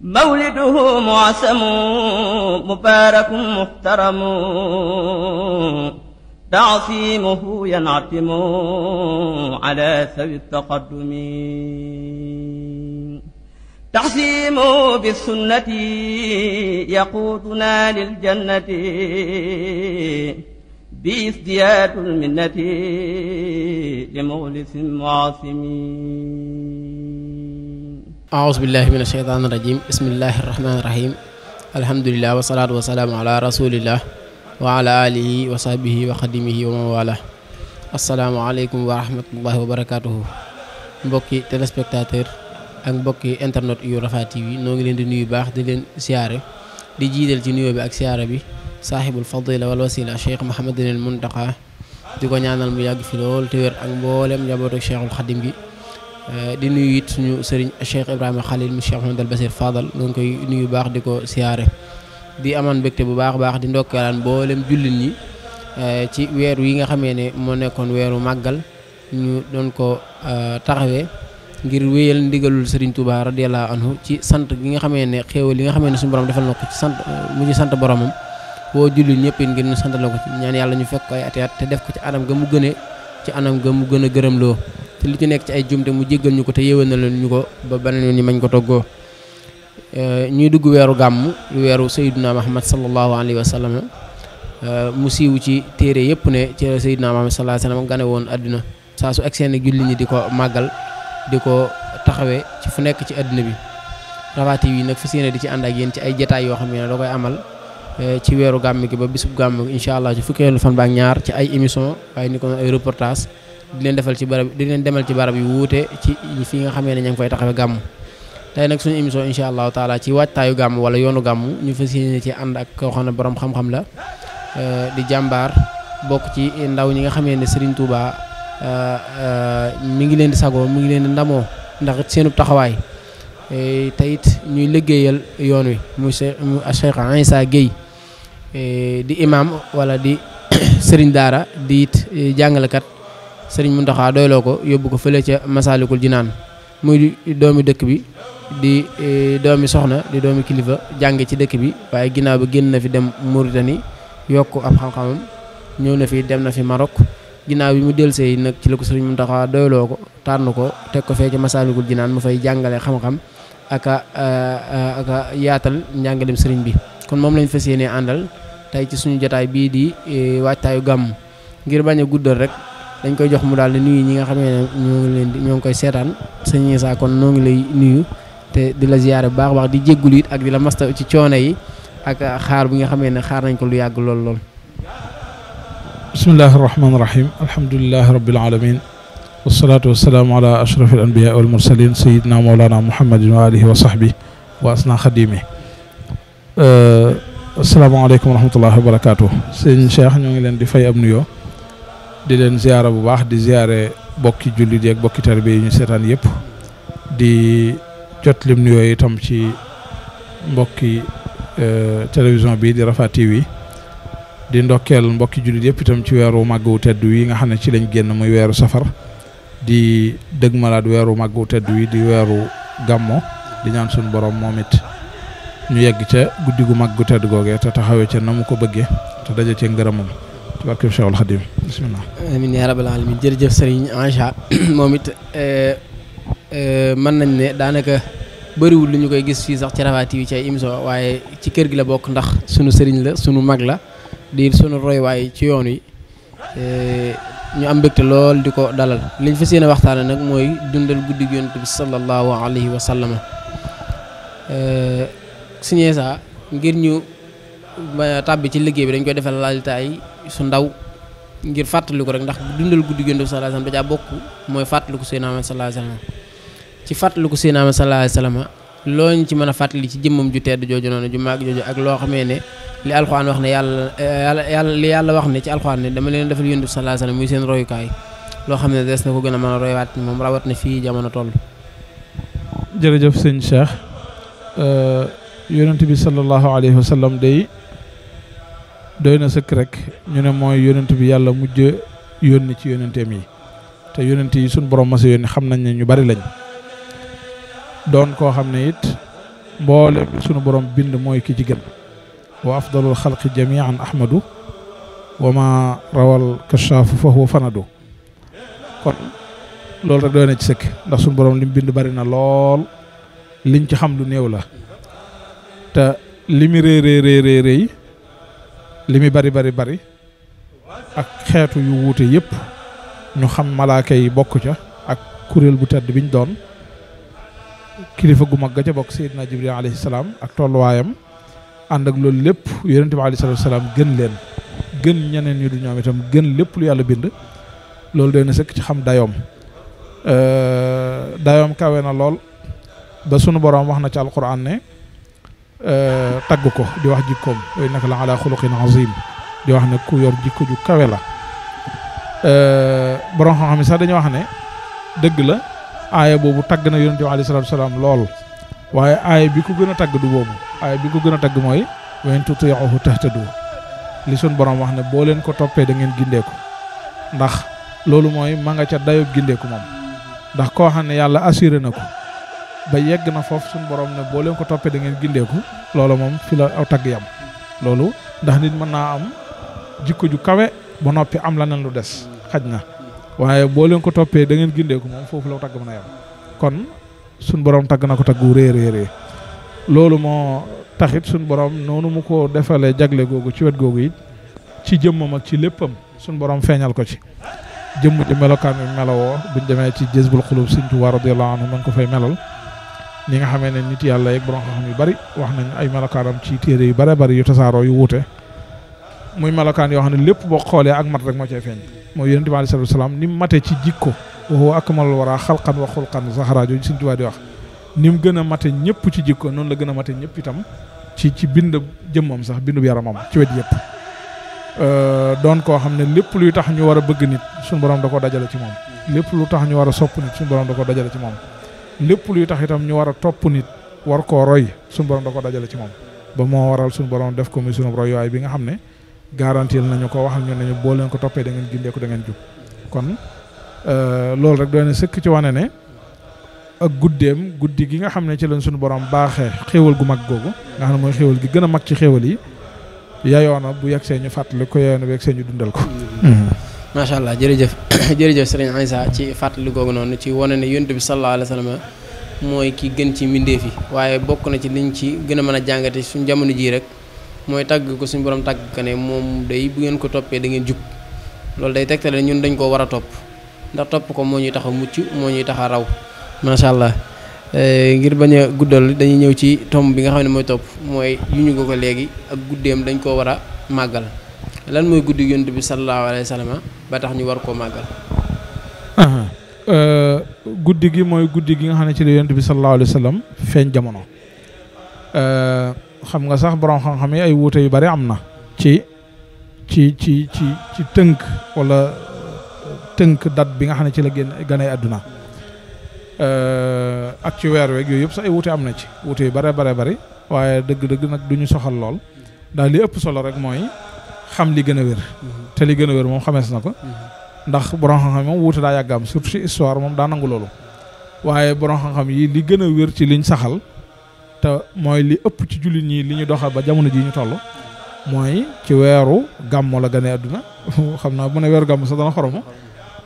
mawliduhu muasamu mubaarakun muhtaramu taasimuhu yanatimu ala sawi taqaddumi taasimuhu bisunnati yaquuduna liljannati bi isdiyaadul minnati li muxlisin muasimi ahousubillahi min asheytan irajim bismillahi irrahmani irahim alhamdulilah wasalaatu wasalaamu ala rasulillah wa ala alihi wa sahbihi wa xadimihi wa mawala asalaamaaleykum wa rahmatullahi wa barakatuhu mbokki téléspectateur ak mbokki internet yu Rafah TV noo ngi leen di nuyu baax di leen siyaare di jiital ci nuyoo bi ak siyaare bi saaxibul fadila wal wasila cheikh Mouhamadinil Muntaqa di ko ñaanal mu yàgg fi lool te wér ak mboolem njabootu cheikhul Euh, di nuyu it suñu sëriñ Cheikh Ibrahima Khalil mu Cheikh Mouhamadou Bassir Fadal ñu ngi koy nuyu baax di ko siyaare di amaan mbégte bu baax baax di ndokkeelaan leen jullit ñi euh, ci weer yi nga xamee ne moo nekkoon weeru màggal ñu doon ko euh, taxawee ngir wéyal ndigalul Serigne Touba radiyallahu anhu ci sant gi nga xamee ne xéewal yi nga xamee ne suñu borom defal na ko ci sant mu ci sant boromam woo jullit ñëpp it ngir ñu sant ko ci ñaan yàlla ñu fekk ay ati at te def ko ci anam ga mu gënee ci anam ga mu gën a gërëmloo te lu ci nekk ci ay jumte mu jéggal ñu ko te yéwénal ñu ko ba beneen yoon ñu mañ ko toggoo euh, ñuy dugg weeru gàmm weeru sayyiduna Muhammad sallallahu alayhi wa sallam euh, mu siiw ci téere yëpp ne ci sayyiduna Muhammad sallallahu alayhi wa sallam gane woon àdduna saa su egg seen julli ñi di ko màggal di ko taxawee ci fu nekk ci àdduna bi Rafah yi nag fas yéene di ci ànd ak yéen ci ay jataay yoo xam ne da koy amal euh, ci weeru gàmm gi ba bisub gàmm gi incha allah ci fukkeelu fan ba ñaar ci ay émission waaye di leen defal ci barab di leen demal ci barab yu wuute ci fi nga xamee ne ña ngi fay taxawe gàmm tey nag suñu émission incha allahu taala ci waajtaayu gàmm wala yoonu gàmmu ñu fas yéene ci ànd ak koo xam ne borom xam-xam la euh, di jàmbaar bokk ci ndaw ñi nga xamee ne Serigne Touba euh, euh, mu ngi leen di sagoo mu ngi leen di ndamoo ndax seenub taxawaay e, te ñuy liggéeyal yoon wi mu Cheikh Issa Gueye e, di imam wala di sëriñ Daara di it e, jàngalekat. sëriñ Muntaxa doyloo ko yóbbu ko fële ca Masaalikul Jinaan muy doomi dëkk bi di e, doomi soxna di doomi kilifa jànge ci dëkk bi waaye ginaaw bi génn na fi dem Mauritanie yokk ab xam-xamam ñëw na fi dem na fi Maroc ginnaaw bi mu delsee yi nag ci la ko sëriñ Muntaxa doyloo ko tànn ko teg ko fee ca Masaalikul Jinaan mu fay jàngale xam-xam aka aka yaatal njàngalem sëriñ bi kon moom lañ fas yéenee àndal tey ci suñu jotaay bii di e, waajtaayu gàmm ngir bañ a rek dañ koy jox mu daal di nuyu ñi nga xam ne ñoo ngi leen di ñoo ngi koy seetaan sëñ Issa kon noo ngi lay nuyu te di la ziyaare bu baax baax di jéggulu it ak di la masta ci coono yi ak xaar bi nga xamee ne xaar nañ ko lu yàgg lool lool bismillahi rahmaani rahim alhamdulilahi rabbil alamin wasalaatu wasalaamu ala ashraf al anbiya wal mursalin sayidna mawlana muhammadin wa alihi wa sahbi wa asna xadimi asalaamaaleykum wa rahmatullahi wa barakatuh sëñ Cheikh ñoo ngi leen di fay ab nuyoo di leen ziyaara bu baax di ziyaare bokki jullit yeeg bokki tarbiya yi ñu seetaan yëpp di jot lim nuyoo itam ci mbokki euh, télévision bi di Rafah TV di ndokkeel mbokki jullit yëpp itam ci weeru wu tedd wi nga xam ne ci lañ génn muy weeru safar di dëgg malaat weeru wu tedd wi di weeru gàmmo di ñaan suñu borom moom it ñu yegg ca guddi gu mag gu tedd googee te taxawee ca na mu ko bëggee te daje ca ngërëmam ci barke Cheikhul Khadim bisimilah. amiin yaa rabbal alamin jërëjëf Serigne Anja moom it euh, euh, mën nañ ne daanaka bëriwul lu ñu koy gis fii sax ci Rafah TV ci ay émission waaye ci kër gi la bokk ndax sunu sëriñ la sunu mag la di sunu roywaay ci yoon wi euh, ñu am mbégte lool di ko dalal liñ fa seen waxtaane nag mooy dundal guddi yonent bi sallallahu alayhi wa sallam. ngir ñu. tàbbi ci liggéey bi dañ koy defal lalitaay su ndaw ngir fàttaliku rek ndax dundal guddi Yonent bi sallallahu alayhi wasallam dajaa bokk mooy fàttaliku Seydina Muhammad sallallahu alayhi wasallam ci fàttaliku Seydina Muhammad sallallahu alayhi wasallam looñ ci mën a fàttali ci jëmmam ju tedd jooju noonu ju màgg jooju ak loo xamee ne li alxuraan wax ne yàlla yàlla li yàlla wax ne ci alxuraan ne dama leen defal Yonent bi sallallahu alayhi wasallam muy seen royukaay loo xam ne des na ko gën a mën a roywaat moom rawat na fii jamono toll jërëjëf sëñ Cheikh Yonent bi sallallahu alayhi wasallam day doy na sëkk rek ñu ne mooy yonent bi yàlla mujj yónni ci yonenteem yi te yonent yi suñ borom mas yónni xam nañ ne ñu bari lañ doon koo xam ne it mboole sunu borom bind mooy ki ci gën wa afdalul xalqi jamian ahmadu wa ma rawal kashaafu fa huwa fanadu kon loolu rek doy na ci sëkk ndax suñu borom li bind bari na lool liñ ci xam lu néew la te li réy réy réy réy li muy bari bari bari ak xeetu yu wuute yépp ñu xam malaaka yi bokk ca ak kuréel bu tedd biñ doon kilifa gu mag ca bokk Seydina Jibril alayhi salaam ak tolluwaayam ànd ak loolu lépp yonent bi alayhi salaam gën leen gën ñeneen ñu du ñoom itam gën lépp lu yàlla bind loolu doy na sëkk ci xam dayoom dayoom kawe na lool ba sunu boroom wax na ci alquran ne Euh, tagg ko di wax jikkoom wa innaka la ala xuluqin di wax ne ku yor jikko ju kawe la euh, borom xam-xam sax dañu wax ne dëgg la aaya boobu tagg na yonent bi alayhi salaatu salaam lool waaye aaya bi ku gën a tagg du boobu aaya bi ko gën a tagg mooy wa in tutii'uhu tahtadu li sun borom wax ne boo leen ko toppee da ngeen gindeeku ndax loolu mooy ma nga ca dayob gindeeku moom ndax koo xam ne yàlla assuré na ko ba yegg na foofu suñu borom ne boo leen ko toppee da ngeen gindeeku loolu moom fi la aw tagg yam loolu ndax nit mën naa am jikko ju kawe ba noppi am la nen lu des xaj na waaye boo leen ko toppee da ngeen gindeeku moom foofu la tagg mën a yam kon suñ borom tagg na ko taggu réeréerée loolu moo taxit suñ borom noonu mu ko defalee jagle googu ci wet googu yi ci jëmmam ak ci léppam suñ borom feeñal ko ci jëmm ji melokaan bi melowoo buñ demee ci jësbul xulub Sëriñ Tuubaa radiyallaahu anhu mën ko fay melal ñi nga xamee ne nit yàlla yeeg borom xam yu bari wax nañ ay melokaanam ci téere yu bare bari yu tasaaroo yu wute muy melokaan yoo xam ne lépp boo xoolee ak mat rek moo cay feeñ mooy yonent bi salaam ni mu matee ci jikko wa huwa akmalul waraa xalqan wa xulqan zahra jooju Sëñ Tuubaa di wax ni mu gën a mate ñëpp ci jikko noonu la gën a mate ñëpp itam ci ci bind jëmmam sax bindu yaramam ci wet yëpp euh, doon koo xam ne lépp luy tax ñu war a bëgg nit suñu borom da ko dajale ci moom lépp lu tax ñu war a sopp nit suñu borom da ko dajale ci moom lépp luy tax itam ñu war a topp nit war koo roy suñu borom da ko dajale ci moom ba moo waral suñu borom def ko muy suñu royuwaay bi nga xam ne garantil nañu ko waxal ñu ne ñu boo leen ko toppee da ngeen gindeeku da ngeen jub kon euh, loolu rek doy na sëkk ci wane ne ak guddeem guddi gi nga xam ne ci leen suñu borom baaxee xéewal gu mag googu nga xam ne mooy xéewal gi gën a mag ci xéewal yi yayoona bu yegsee ñu fàttali ko yayoona bu yegsee ñu dundal ko mm-hmm. macha allah jërëjëf jërëjëf sëriñ Aïssa ci fàttali googu noonu ci wane ne yonent bi sallallahu alayhi wa mooy ki gën ci mbindeef yi waaye bokk na ci liñ ci gën a mën a jàngate suñu jamono jii rek mooy tàgg ko suñu boroom tàgg ko ne moom day bu ngeen ko toppee da ngeen jub loolu day tegtale ñun dañ koo war a topp ndax topp ko moo ñuy tax a mucc moo ñuy tax a raw macha allah e, ngir bañ guddal dañuy ñëw ci tomb bi nga xam ne mooy topp mooy yu ñu ko ko léegi ak guddeem dañ koo war a màggal mooy guddi yonent bi sallallahu ba tax ñu war koo màggal. Euh, guddi gi mooy guddi gi nga xam ne ci la yonent bi sallallahu alayhi wa sallam feeñ jamono. Euh, xam nga sax borom xam-xam yi ay wuute yu bari am na. ci ci ci ci ci tënk wala euh, tënk date bi nga xam ne ci la génn ganay àdduna ak ci weer weeg yooyu yëpp sax ay wuute am na ci wuute yu bare bare bari waaye dëgg-dëgg nag duñu soxal lool daal li ëpp solo rek mooy. xam li gën a wér te li gën a wér moom xamees na ko ndax borom xam-xam yi moom wuute daa yàgg am surtout ci histoire moom daa nangu loolu waaye borom xam-xam yi li gën a wér ci liñ saxal te mooy li ëpp ci jullit ñi li ñu doxal ba jamono ji ñu toll mooy ci weeru gàmmu la gane xam naa bu ne weeru gàmmu sax dana xoromu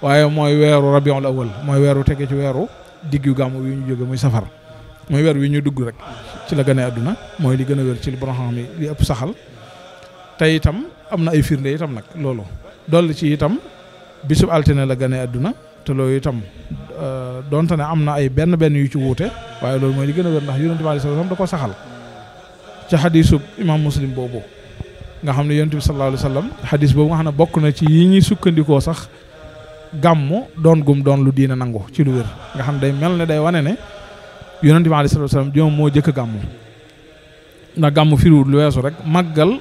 waaye mooy weeru rabiul awal mooy weeru tege ci weeru diggu gàmmu wi ñu jóge muy safar mooy weer wi ñu dugg rek ci la gane àdduna mooy li gën a ci li borom xam li ëpp saxal te itam am na ay firnde itam nag loolu dolli ci itam bisub altine la gane àdduna te loolu itam euh, donte ne am na ay benn benn yu ci wuute waaye loolu mooy li gën a wér ndax yonent bi sallallahu alayhi ko saxal ci xadiisub imaam muslim boobu nga xam ne yonent bi sallallahu alayhi wasallam xadiis boobu nga xam ne bokk na ci yi ñuy sukkandikoo sax gàmmu doon gum doon lu diina nangu ci lu wér nga xam day mel ne day wane ne yonent bi sallallahu alayhi wasallam moo jëkk gàmmu ndax gàmmu firiwul lu weesu rek màggal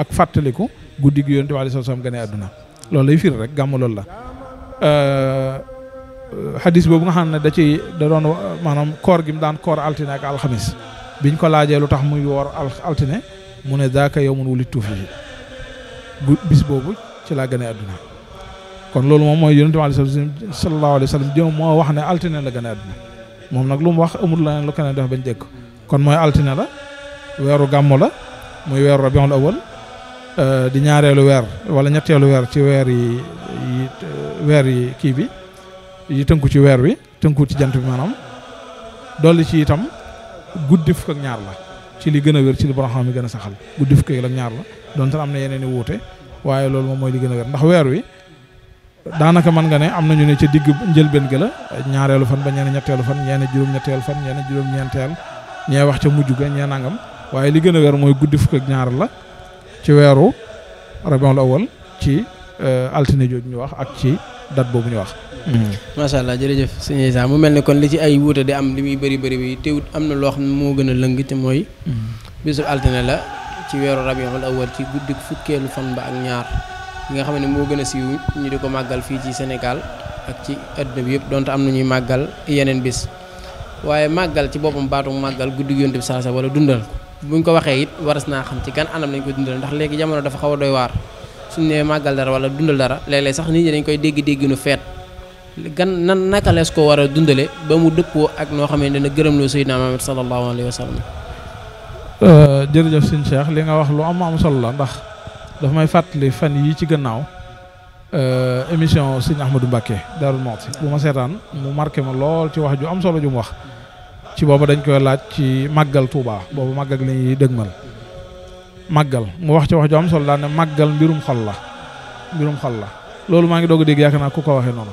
ak fàttaliku guddi gi yonent bi alayhi salaam gane àdduna loolu lay firi rek gàmm loolu la xadis euh, boobu nga xam ne da ci da doon maanaam koor gi mu daan koor altine ak alxamis biñ ko laajee lu tax muy woor altine mu ne daaka yawmun wulidtu fiihi bis boobu ci laa gane àdduna kon loolu moom mooy yonent bi sallallahu alayhi wa sallam jëm moo wax ne altine la gane àdduna moom nag lu mu wax amul leneen lu keneen def bañ dégg kon mooy altine la weeru gàmm la muy weeru rabiul awal Euh, di ñaareelu weer wala ñetteelu weer ci weer yi weer yi kii bi yi tënku ci weer wi tënku ci jant bi maanaam dolli ci itam guddi fukk ak ñaar la ci li gën a wér ci li borom xam mi gën a saxal guddi fukk ak ñaar la donte am na yeneen i wuute waaye loolu moom mooy li gën a wér ndax weer wi daanaka man nga ne am nañu ne ca digg njëlbeen gi la ñaareelu fan ba ñeene ñetteelu fan ñeene juróom-ñetteelu fan ñeene juróom-ñeenteel ñee wax ca mujj ga nangam waaye li gën a wér mooy guddi fukk ñaar la ci weeru rabiul awal ci euh, altine jooju ñu wax ak ci date boobu ñu wax. Mm-hmm. macha allah jërëjëf sëñ Issa mu mel ne kon li ci ay wuute di am li muy bëri bëri bi teewut am na loo xam ne moo gën a lëng te mooy. Mm-hmm. bisul altine la ci weeru rabiul awal ci guddi fukkeelu fan ba ak ñaar yi nga xam ne moo gën a siiw ñu di ko màggal fii ci senegal ak ci adduna bi yëpp donte am na ñuy màggal yeneen bis waaye màggal ci boppam baatu màggal guddi Yonent bi saa sa wala dundal ñu ko waxee it waras naa xam ci gan anam lañ ko dundal ndax léegi jamono dafa xaw a doy waar suñ ne màggal dara wala dundal dara léeg sax nit ñi dañ koy dégg dégginu feet gan nan naka lees ko war a dundale ba mu dëppoo ak noo xam ne dana gërëm loo Seydina Muhammad sallallahu alayhi wa sallam euh, jërëjëf sëñ Cheikh li nga wax lu am am solo la ndax dafa may fàttali fan yi ci gannaaw euh, émission sëñ Ahmadou Mbacké Darou Mouhty bu ma seetaan mu marqué ma ci booba dañ koy laaj ci màggal Touba boobu màggal la ñuy dëgmal màggal mu wax ci wax ju am solo màggal mbirum xol la mbirum xol la loolu maa ngi doog a dégg yaakaar naa ku ko waxee noonu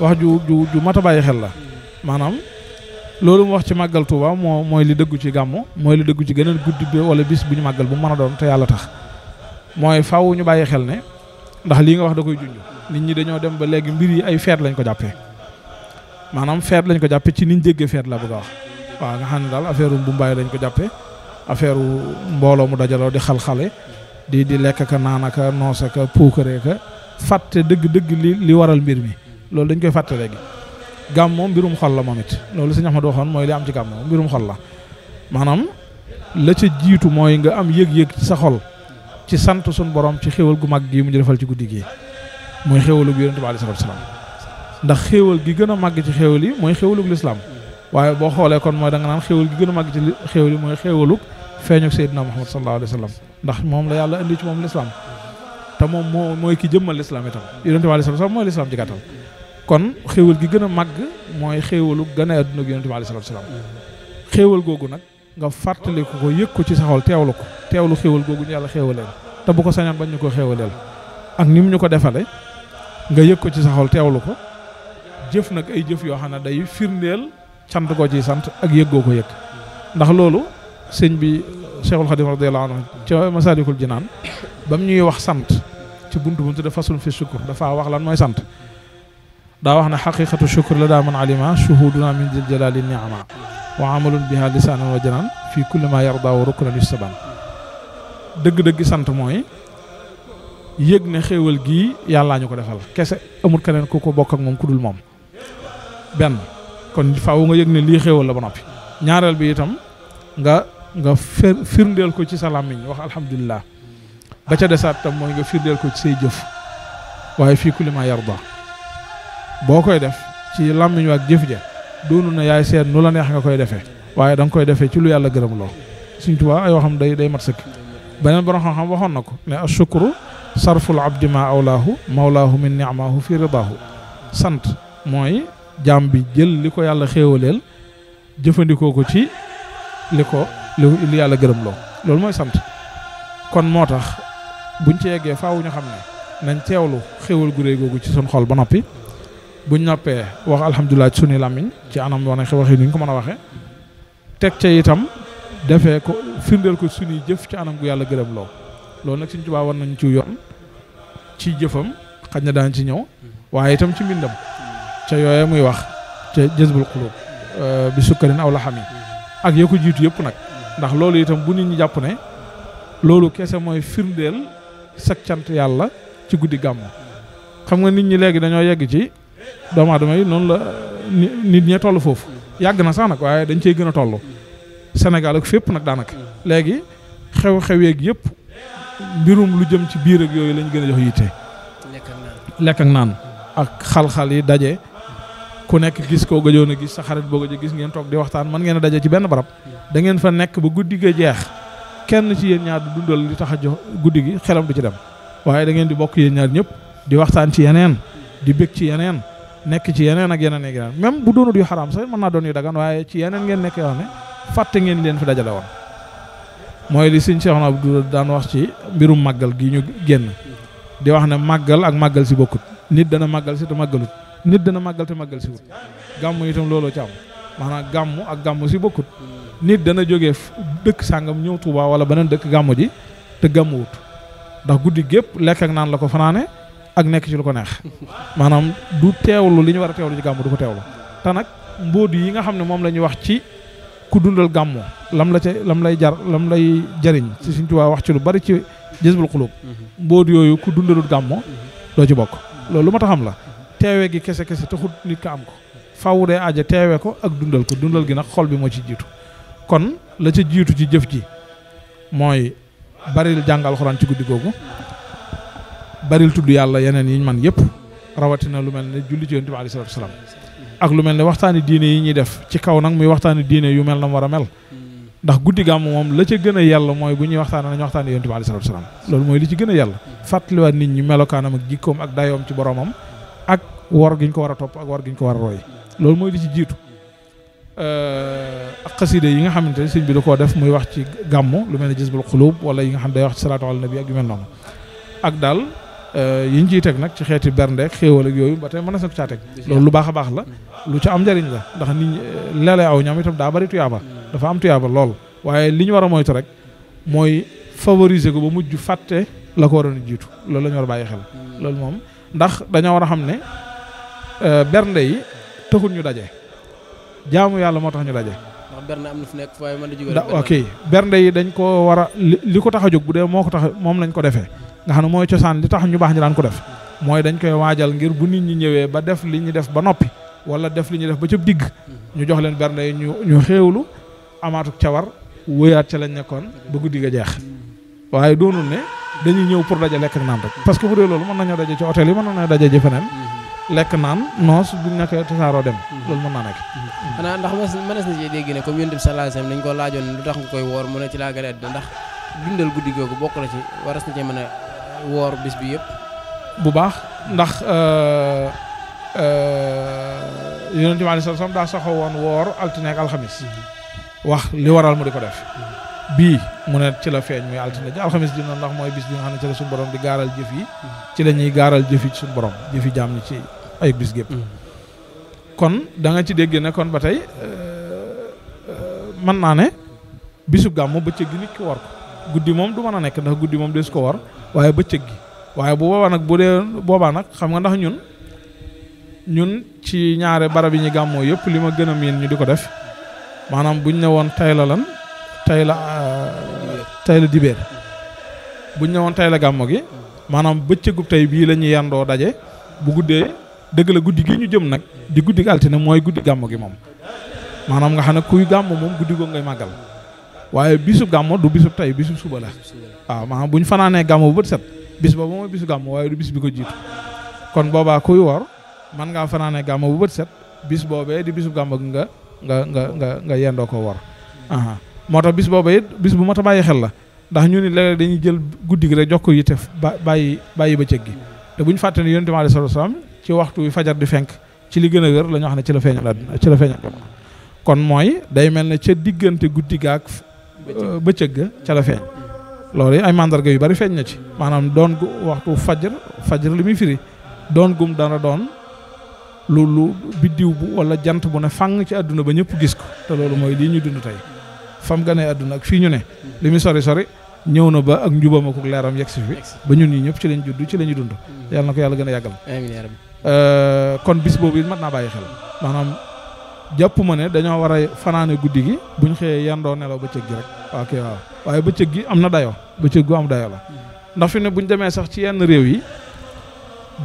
wax ju ju ju a bàyyi xel la maanaam loolu mu wax ci màggal Touba moo mooy li dëggu ci gàmmu mooy li dëggu ci geneen a guddi bi wala bis bu ñu màggal bu mën a doon te yàlla tax mooy faw ñu bàyyi xel ne ndax lii nga wax da koy junj nit ñi dañoo dem ba léegi mbir yi ay feet lañ ko jàppee maanaam feet lañ ko jàppee ci niñ déggee feet la bëgg a waaw nga xam ne daal affaire bu mbaay dañ ko jàppee affaire mbooloo mu dajaloo di xal-xale di di lekk ka naan ka ka puukaree ka fàtte dëgg-dëgg li li waral mbir mi loolu dañ koy fàtte léegi gàmm moom mbirum xol la moom it loolu sëñ Ahmadu waxoon mooy li am ci gàmm moom mbirum xol la maanaam la ca jiitu mooy nga am yëg-yëg ci sa xol ci sant suñu borom ci xéwal gu mag gii mu ñu defal ci guddi gi mooy xéwalu bi yonente bi aleyhi salaatu salaam ndax xéwal gi gën a màgg ci xéwal yi mooy xéwalu lislaam waaye boo xoolee kon mooy da nga naan xéwal gi gën a màgg ci xéwal yi mooy xéwalug feeñu Seydina Muhammad sallallahu alayhi wa sallam ndax moom la yàlla indi ci moom lislaam te moom moo mooy ki jëmmal lislaam itam yonente bi alayhi salaam mooy lislaam ci kon xéwal gi gën a màgg mooy xéwalug gane àdduna gi yonente bi alayhi salaam xéwal googu nag nga fàttaliku ko yëg ko ci saxol teewlu ko teewlu xéwal googu ñu yàlla xéwaleen te bu ko sañoon bañ ñu ko xéwaleel ak ni mu ñu ko defale nga yëg ko ci saxool teewlu ko jëf nag ay jëf yoo xam ne day firndeel cant koo ciy sant ak yëggoo ko yëg ndax loolu sëñ bi Cheikhul Khadim radiyallahu anhu ca Masaalikul Jinaan ba mu ñuy wax sant ci buntu buntu dafa fasul fi sukkur dafa wax lan mooy sant daa wax ne xaqiqatu sukkur la daa mën man alima shuhuduna min dil jalali niama wa amalun biha lisaanan wa janaan fi kulli ma yarda wa ruknan yustaban dëgg-dëgg sant mooy yëg ne xéewal gii yàllaa ñu ko defal kese amul keneen ku ko bokk ak moom ku dul moom kon faaw nga yëg ne lii xéewal la ba noppi ñaareel bi itam nga nga fir firndeel ko ci sa làmmiñ wax alhamdulilah ba ca desaat tam mooy nga firndeel ko ci say jëf waaye fii kulli ma boo koy def ci làmmiñ waak jëf ja doonu na yaay seet nu la neex nga koy defee waaye da koy defe ci lu yàlla gërëm loo Sëriñ Tuubaa ay waxam day day mat sëkk beneen borom xam-xam waxoon na ko ne ashukru sarful abdi ma awlaahu mawlaahu min ni'maahu fi ridaahu sant mooy jaam bi jël li ko yàlla xéewaleel jëfandikoo ko ci li ko li yàlla gërëm loolu mooy sant kon moo tax buñ ci yeggee faaw ñu xam ne nañ teewlu xéewal gu réy googu ci suñ xol ba noppi buñ noppee wax alhamdulilah ci sunu làmmiñ ci anam wane wax yi ni ñu ko mën a waxee teg ca itam defee ko firndeel ko sunuy jëf ci anam gu yàlla gërëm loo loolu nag suñ tubaab war nañu ci yoon ci jëfam xaj na daan ci ñëw mm-hmm. waaye itam ci mbindam ca yooya muy wax ca jëzbul xulóob euh, bi sukkarin aw laxam yi ak ya jiitu yëpp nag ndax loolu itam bu nit ñi jàpp ne loolu kese mooy firndeel sag yàlla ci guddi gàmmu xam nga nit ñi léegi dañoo yegg ci doomu aadama yi noonu la nit ñee toll foofu yàgg na sax nag waaye dañ cey gën a toll Sénégal ak fépp nag daanaka léegi xew-xew yeeg yëpp mbirum lu jëm ci biir ak yooyu lañ gën a jox yitte lekk ak naan ak xal-xal yi daje ku nekk gis koo gëjoon a gis sa xarit boo gëj a gis ngeen toog di waxtaan man ngeen a daje ci benn barab da ngeen fa nekk ba guddi ga jeex kenn ci yéen ñaar dundal li tax a jox guddi gi xelam du ci dem waaye da ngeen di bokk yéen ñaar ñëpp di waxtaan ci yeneen di bég ci yeneen nekk ci yeneen ak yeneen ak yeneen même bu doonut yu xaraam sax mën naa doon yi dagan waaye ci yeneen ngeen nekk yoo xam ne ngeen leen fi dajale woon mooy li sëñ Cheikh Abdou daan wax ci mbirum màggal gi ñu génn di wax ne màggal ak màggal si bokkut nit dana màggal si te màggalut nit dana màggal màggal si wut gàmm itam looloo ci am maanaam gàmm ak gàmm si bokkut nit dana jógee dëkk sàngam ñëw Touba wala beneen dëkk gàmm ji te gàmm ndax guddi gépp lekk ak naan la ko fanaane ak nekk ci lu ko neex maanaam du teewlu li ñu war a teewlu ci gàmm du ko teewlu te nag mbóot yi nga xam ne moom la ñuy wax ci ku dundal gàmmu lam la ca lam lay jar lam lay jariñ ci Sëriñ Tuubaa wax ci lu bari ci Jazbul Quluub mm-hmm. mbóot yooyu ku dundalul gàmmu doo ci bokk loolu lu taxam la teewe gi kese kese taxut nit ka am ko faw aja teewe ko ak dundal ko dundal gi nag xol bi moo ci jiitu kon la ca jiitu ci jëf ji mooy baril jàngal alxuraan ci guddi googu baril tudd yàlla yeneen ñu man yëpp rawatina lu mel ne julli ci yonent bi alayhi salaatu wasalaam ak lu ni ne waxtaani diine yi ñuy def ci kaw nag muy waxtaani diine yu mel na war a mel ndax guddi gàmm moom la ca gën a yàlla mooy bu ñuy waxtaan nañu waxtaani yonent bi alayhi salaatu wasalaam loolu mooy li ci gën a yàlla fàttaliwaat nit ñi melokaanam ak jikkoom ak dayoom ci boromam war gi ñu ko war a topp ak wor gi ñu ko war a roy loolu mooy di ci jiitu euh, ak xasida yi nga xamante ne sëñ bi da koo def muy wax ci gàmmu lu mel ne jisbul xulub wala yi nga xam day wax ci salaatu ala nabi ak yu mel noonu ak daal euh, yi ñu ciy teg nag ci xeeti berndeek xéewal ak yooyu ba tey mën na sa caa teg loolu lu baax a baax la lu ci am njëriñ la ndax nit ñi euh, aw ñam itam daa bari tuyaaba dafa am tuyaaba lool waaye li ñu war a moytu rek mooy favoriser ko ba mujj fàtte la ko waroon jiitu loolu la ñu a bàyyi xel loolu moom ndax dañoo war a xam ne Euh, bernde yi taxul ñu daje jaamu yàlla moo tax ñu daje. ndax bernde am na fu nekk waaye mën na jóge ok bernde yi dañ ko war a li ko tax a jóg bu dee moo ko tax moom lañ ko defee nga xam ne mooy cosaan li tax ñu baax ñu daan ko def mooy dañ koy waajal ngir bu nit ñi ñëwee ba def li ñu def ba noppi wala def li ñu def ba ca digg mm-hmm. ñu jox leen bernde yi ñu ñu xéewlu amaatuk ca war wóyaat ca lañ nekkoon ba guddi a jeex waaye doonul ne dañuy ñëw pour daje lekk ak naan rek parce bu dee loolu lekk naan noos bu ñu nekkee tasaaroo dem. loolu mën na nekk. xanaa ndax mënees na ci dégg ne comme yonent bi sallallahu alayhi wasallam dañu ko laajoon lu tax nga koy woor mu ne ci laa gën a ndax dundal guddi googu bokk na ci waras na cee woor bis bi yëpp. bu baax ndax euh, euh, yonent bi sallallahu alayhi wasallam daa saxoo woon woor altine ak alxamis. wax li waral mu di ko def. bii mu ne ci la feeñ muy altine ji alxamis dina ndax mooy bis bi nga xam ne ci la suñu borom di gaaral jëf yi ci la ñuy gaaral jëf yi suñu borom jëf yi jaam ñi ci ay bis gépp mm. kon danga ci dégg ne kon ba tey euh, euh, mën naa ne bisu gàmmu bëccëg gi nit war ko guddi moom du mën a nekk ndax guddi moom des ko war waaye bëccëg gi waaye bu boobaa nag bu dee boobaa nag xam nga ndax ñun ñun ci ñaare barab yi ñu gàmmoo yëpp li ma gën a miin ñu di ko def maanaam buñ ne woon tay lan tay la euh, tay la dibeer buñ ne woon tay la gi maanaam bëccëgub tey bii lañuy ñuy yandoo daje bu guddee dëgg la guddi gi ñu jëm nag di guddi altine mooy guddi gàmmu gi moom maanaam nga xam ne kuy gàmm moom guddi googu ngay màggal waaye bisu gàmm du bisu tey bisu suba la waaw maanaam bu ñu fanaanee gàmm bu bët set bis boobu mooy bisu gàmm waaye bis bi ko jiitu kon boobaa kuy wor man ngaa fanaanee gàmm bu bët set bis boobee di bisu gàmm nga nga nga nga nga yendoo ko wor moo tax bis boobee bis bu mat a bàyyi xel la ndax ñu ni léeg dañuy jël guddi gi rek jox ko ba bàyyi bàyyi bëccëg gi te bu ñu fàtte ne yonent bi alayhi salaam ci waxtu wi fajar di fenk ci li gën a wér la ñu wax ne ci la feeñal àdduna ci la feeñal kon mooy day mel ne ci diggante guddi gaag euh, bëccëg ga ca la feeñ loolu ay mandarga yu bari feeñ na ci maanaam doon waxtu fajar fajar li muy firi doon gum dana doon lu lu biddiw bu wala jant bu ne fang ci àdduna ba ñëpp gis ko te loolu mooy lii ñuy dund tey fam gane àdduna ak fii ñu ne li muy sori sori ñëw na ba ak njubam ak leeram yegg si fi ba ñun yi ñëpp ci lañ judd ci la ñu dund mm. yàlla na yàlla gën a yàggal amiin Euh, kon bis boobu it mat naa bàyyi xel maanaam jàpp ma ne dañoo war a fanaane guddi gi buñ xëyee yendoo nelaw bëccëg gi rek ok waaw waaye bëccëg gi am na dayo bëccëg gu am dayoo la ndax fi ne buñ demee sax ci yenn réew yi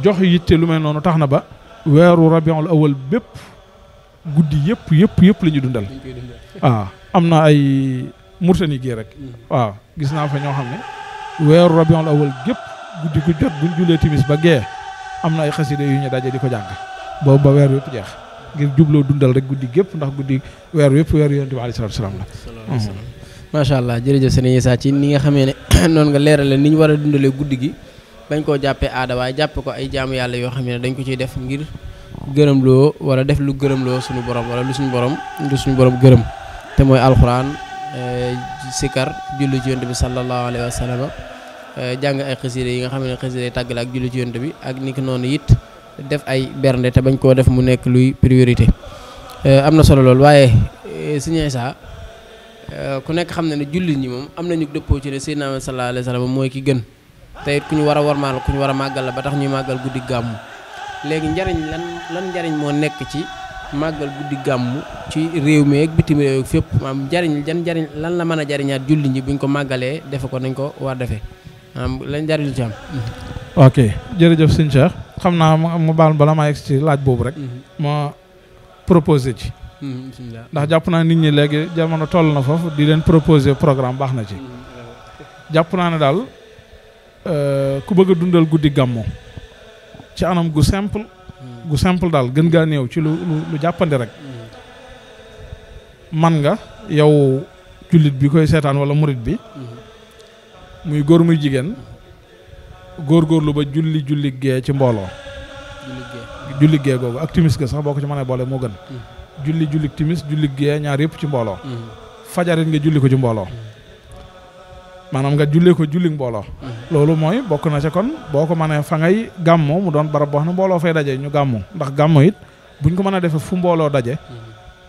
jox yitte lu may noonu tax na ba weeru rabiul awal bépp guddi yëpp yëpp yëpp la ñu dundal waaw ah, am na ay murtani gii rek mm. waaw gis naa fa ñoo xam ne weeru rabiul awal gépp guddi gu jot buñ julee timis ba gee am na ay xasida yu ñu daje di ko jàng boobu ba weer yëpp jeex ngir jubloo dundal rek guddi gépp ndax guddi weer yëpp weer yonent bi alayhi salaatu salaam la macha allah jërëjëf sëñ Issa ci ni nga xamee ne noon nga leerale ni ñu war a dundalee guddi gi bañ koo jàppee aada waaye jàpp ko ay jaamu yàlla yoo xam ne dañ ko ciy def ngir gërëm gërëmloo wala def lu gërëm loo suñu borom wala lu suñu borom lu suñu borom gërëm te mooy alxuraan eh, sikar julli ci yonent bi sallallahu Euh, jàng ay xasida yi nga xam ne xasida tàgg la ak julli ci yonent bi ak ni ki noonu it def ay bernde te bañ koo def mu nekk luy priorité euh, am na solo loolu waaye euh, Sëriñ Isaa ku nekk xam na ne jullit ñi moom am nañu dëppoo ci ne Seydina Muhammad sallallahu alayhi wa sallam mooy ki gën te ku ñu war a warmaal ku ñu war a màggal la ba tax ñuy màggal guddi gàmmu léegi njariñ lan lan njariñ moo nekk ci màggal guddi gàmmu ci réew mi ak bitim réew ak fépp maam njariñ jan njariñ lan la mën a jariñaat jullit ñi buñ ko màggalee defe nañ ko war defee lañ jaar lu ok jërëjëf sëñ xam naa mu baal bala ma yegg ci laaj boobu rek. Mhm. ma proposé ci. Mhm, ndax jàpp naa nit ñi léegi jamono toll na foofu di leen proposé programme baax na ci. Mhm. jàpp naa ne daal euh, ku bëgg a dundal guddi gàmmu ci anam gu simple. gu simple daal gën gaa néew ci lu lu jàppandi rek. man nga yow jullit bi koy seetaan wala murit bi. muy góor muy jigéen góor góorgóorlu ba julli julli gee ci mbooloo. julli gee googu ak timis ga sax boo ko ci manee boole moo gën. Hmm. julli julli timis julli gee ñaar yëpp ci mbooloo. Hmm. fajarit nga julli ko ci mbooloo. Hmm. maanaam nga jullee ko julli mbooloo. loolu mooy bokk na ca kon boo ko mënee fa ngay gàmmu mu doon barab boo xam ne mbooloo fay daje ñu gàmmu ndax gàmmu it buñ ko mën a defee fu mbooloo daje.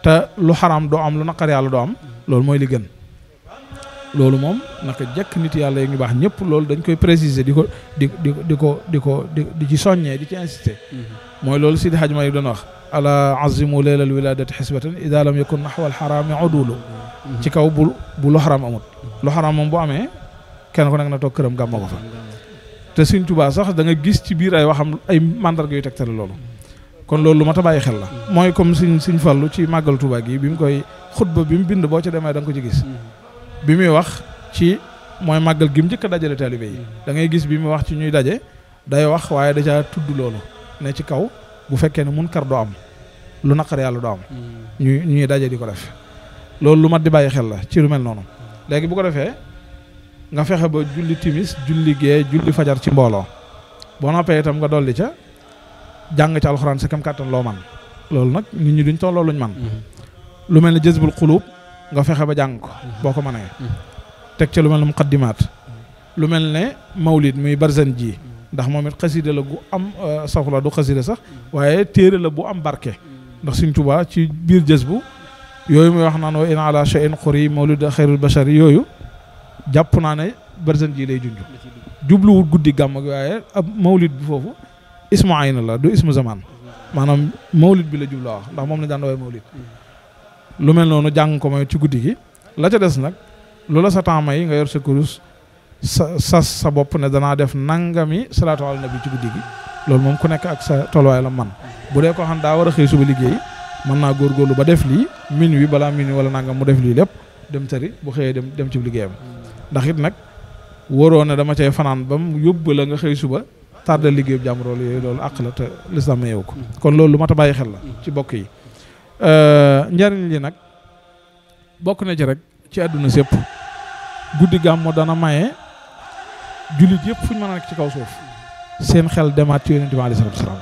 te lu xaraam doo am lu naqar yàlla doo am. loolu mooy li gën. loolu moom naka jekk nit yàlla yi ñu baax ñëpp loolu dañ koy préciser di ko di di di ko di ko di ci soññee di ci insister. Mm-hmm. mooy loolu Sidi Hadj Malick doon wax ala azimu leelal wiladati xisbatan ida lam yakun naxwa alxaraami odulu mm-hmm. ci kaw bu bu lu xaram amut lu xaram moom bu amee kenn ku nekk na toog këram gàmma ko fa te Sëñ Tuubaa sax da nga gis ci biir ay waxam ay mandarga teg tegtale loolu kon loolu lu mat a bàyyi xel la mm-hmm. mooy comme Sëñ Sëñ Fallu ci màggal Tuubaa bi mu koy xutba bi mu bind boo ca demee da ko ci gis bi muy wax ci mooy màggal gi mu njëkk a dajale taalibe yi da gis bi mu wax ci ñuy daje day wax waaye dèjà tudd loolu ne ci kaw bu fekkee ne mun kar doo am lu naqar yàlla doo am mm. ñuy ñuy daje di ko def loolu lu mat di bàyyi xel la ci lu mel noonu mm. léegi bu ko defee nga fexe ba julli timis julli gee julli fajar ci mbooloo boo noppee itam nga dolli ca jàng ca alxuraan sa kam kàttan loo man loolu nag nit ñi duñ tolloo luñ man mm-hmm. lu mel ne jësbul xuluub nga fexe ba jàng ko mm-hmm. boo ko mënee mm-hmm. teg ca lu mel ne muqaddimaat mm-hmm. lu mel ne mawlid muy barzan ji ndax moom it xasida la gu am euh, safla du xasida sax waaye téere la bu am barke ndax Sëriñ Tuubaa ci biir jës bu yooyu muy wax naan wa in ala shay'in quri mawlid xayrul bashari yooyu jàpp naa ne barzan ji lay junj jubluwul guddi gàmm waaye ab mawlid bi foofu ismu ayna la du ismu zaman maanaam mawlid bi la jubla wax ndax moom la daan daway mawlid lu mel noonu jàng ko mooy ci guddi gi la ca des nag lu la sa temps yi nga yor sa kurus sa sas sa bopp ne danaa def nangami salaatu ala nabi ci guddi gi loolu moom ku nekk ak sa tolluwaay la man bu dee koo xam daa war a xëy suba liggéey mën naa góorgóorlu ba def lii min wi balaa min wi wala nangam mu def lii lépp dem tëri bu xëyee dem dem ci liggéeyam ndax it nag waroo ne dama cay fanaan ba mu yóbbu la nga xëy suba tardé liggéeyu jàmbur yooyu loolu àq la te lislaam yeewu ko kon loolu lu mat a bàyyi xel la ci bokk yi Euh, njariñ li nag bokk na ci rek ci àdduna sépp guddi gàmmu dana maye jullit yëpp fu ñu mën a nekk ci kaw suuf seen xel demaat ci yonent bi alayhi salaatu salaam